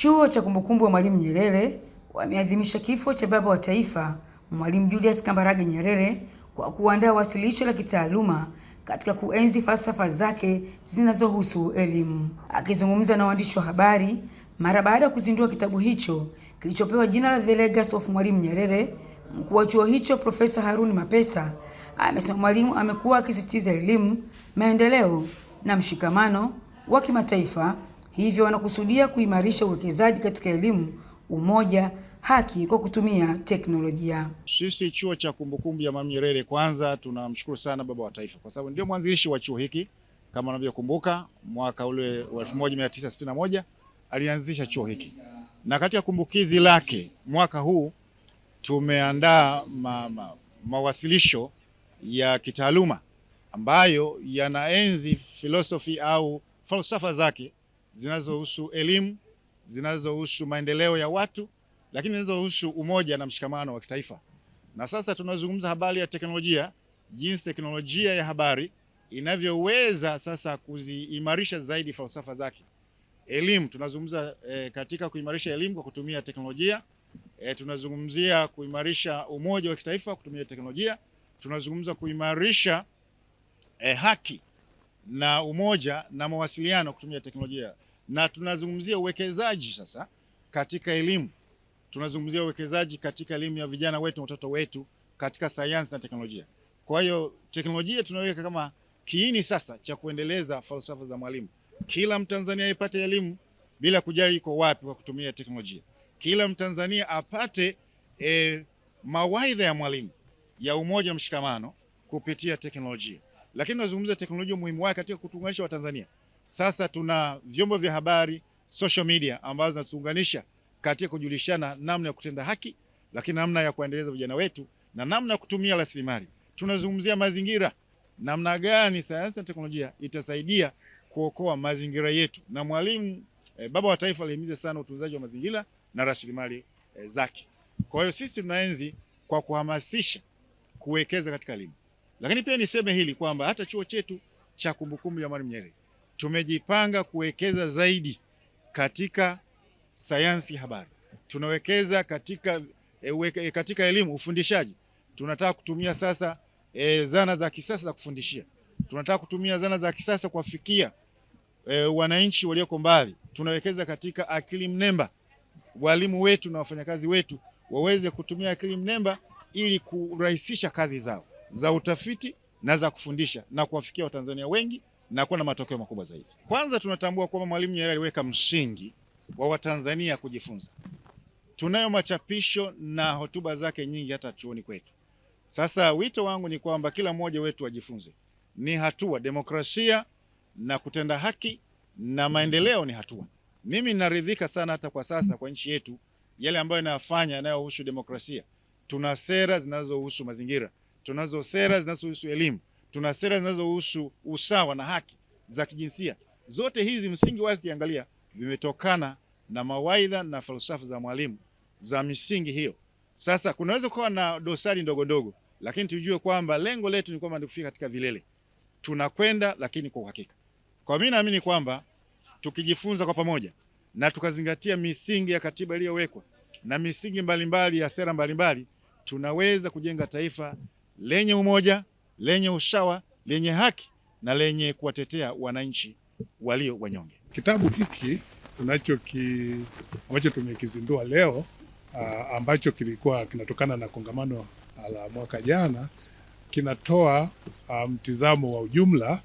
Chuo cha kumbukumbu wa Mwalimu Nyerere wameadhimisha kifo cha baba wa taifa Mwalimu Julius Kambarage Nyerere kwa kuandaa wasilisho la kitaaluma katika kuenzi falsafa zake zinazohusu elimu. Akizungumza na waandishi wa habari mara baada ya kuzindua kitabu hicho kilichopewa jina la The Legacy of Mwalimu Nyerere, mkuu wa chuo hicho Profesa Haruni Mapesa amesema mwalimu amekuwa akisisitiza elimu, maendeleo na mshikamano wa kimataifa Hivyo wanakusudia kuimarisha uwekezaji katika elimu, umoja, haki kwa kutumia teknolojia. Sisi chuo cha kumbukumbu ya Mwalimu Nyerere, kwanza tunamshukuru sana Baba wa Taifa kwa sababu ndio mwanzilishi wa chuo hiki. Kama unavyokumbuka mwaka ule wa 1961 alianzisha chuo hiki, na kati ya kumbukizi lake mwaka huu tumeandaa ma, ma, mawasilisho ya kitaaluma ambayo yanaenzi filosofi au falsafa zake zinazohusu elimu, zinazohusu maendeleo ya watu, lakini zinazohusu umoja na mshikamano wa kitaifa. Na sasa tunazungumza habari ya teknolojia, jinsi teknolojia ya habari inavyoweza sasa kuziimarisha zaidi falsafa zake. Elimu tunazungumza e, katika kuimarisha elimu kwa kutumia teknolojia e, tunazungumzia kuimarisha umoja wa kitaifa kutumia teknolojia, tunazungumza kuimarisha e, haki na umoja na mawasiliano kutumia teknolojia na tunazungumzia uwekezaji sasa katika elimu, tunazungumzia uwekezaji katika elimu ya vijana wetu na watoto wetu katika sayansi na teknolojia. Kwa hiyo teknolojia tunaweka kama kiini sasa cha kuendeleza falsafa za Mwalimu. Kila Mtanzania apate elimu bila kujali iko wapi, kwa kutumia teknolojia. Kila Mtanzania apate e, mawaidha ya Mwalimu ya umoja na mshikamano kupitia teknolojia. Lakini tunazungumza teknolojia, umuhimu wake katika kutuunganisha Watanzania. Sasa tuna vyombo vya habari, social media ambazo zinatuunganisha katika kujulishana namna ya kutenda haki, lakini namna ya kuendeleza vijana wetu na namna ya kutumia rasilimali. Tunazungumzia mazingira, namna gani sayansi na teknolojia itasaidia kuokoa mazingira yetu, na Mwalimu e, Baba wa Taifa alihimiza sana utunzaji wa mazingira na rasilimali e, zake. Kwa hiyo sisi tunaenzi kwa kuhamasisha kuwekeza katika elimu, lakini pia niseme hili kwamba hata chuo chetu cha kumbukumbu ya Mwalimu Nyerere tumejipanga kuwekeza zaidi katika sayansi habari, tunawekeza katika, e, e, katika elimu ufundishaji. Tunataka kutumia sasa e, zana za kisasa za kufundishia, tunataka kutumia zana za kisasa kuwafikia e, wananchi walioko mbali. Tunawekeza katika akili mnemba, walimu wetu na wafanyakazi wetu waweze kutumia akili mnemba ili kurahisisha kazi zao za utafiti na za kufundisha na kuwafikia Watanzania wengi na kuwa na matokeo makubwa zaidi. Kwanza tunatambua kwamba Mwalimu Nyerere aliweka msingi wa Watanzania kujifunza. Tunayo machapisho na hotuba zake nyingi hata chuoni kwetu. Sasa wito wangu ni kwamba kila mmoja wetu ajifunze. Ni hatua demokrasia na kutenda haki na maendeleo ni hatua. Mimi naridhika sana hata kwa sasa kwa nchi yetu yale ambayo inayofanya yanayohusu demokrasia. Tuna sera zinazohusu mazingira, tunazo sera zinazohusu elimu, tuna sera zinazohusu usawa na haki za kijinsia. Zote hizi msingi wake ukiangalia, vimetokana na mawaidha na falsafa za Mwalimu za misingi hiyo. Sasa kunaweza kuwa na dosari ndogo ndogo, lakini tujue kwamba lengo letu ni kwamba ni kufika katika vilele tunakwenda, lakini kwa uhakika. Kwa mimi naamini kwamba tukijifunza kwa pamoja na tukazingatia misingi ya katiba iliyowekwa na misingi mbalimbali mbali ya sera mbalimbali mbali, tunaweza kujenga taifa lenye umoja lenye ushawa, lenye haki na lenye kuwatetea wananchi walio wanyonge. Kitabu hiki ki, ambacho tumekizindua leo a, ah, ambacho kilikuwa kinatokana na kongamano ah, la mwaka jana kinatoa ah, mtizamo um, wa ujumla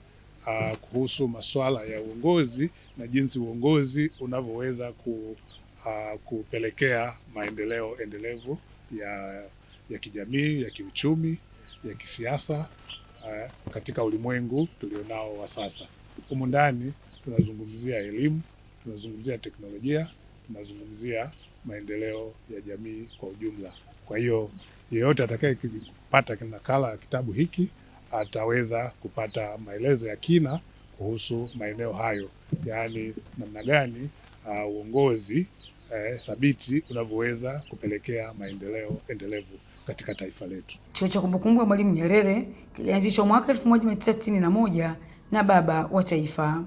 uh, kuhusu masuala ya uongozi na jinsi uongozi unavyoweza ku, uh, kupelekea maendeleo endelevu ya, ya kijamii, ya kiuchumi ya kisiasa uh, katika ulimwengu tulionao wa sasa. Humu ndani tunazungumzia elimu, tunazungumzia teknolojia, tunazungumzia maendeleo ya jamii kwa ujumla. Kwa hiyo yeyote kipata nakala ya kitabu hiki ataweza kupata maelezo ya kina kuhusu maeneo hayo, yaani namna gani uh, uongozi eh, thabiti unavyoweza kupelekea maendeleo endelevu katika taifa letu. Chuo cha kumbukumbu ya Mwalimu Nyerere kilianzishwa mwaka 1961 na Baba wa Taifa.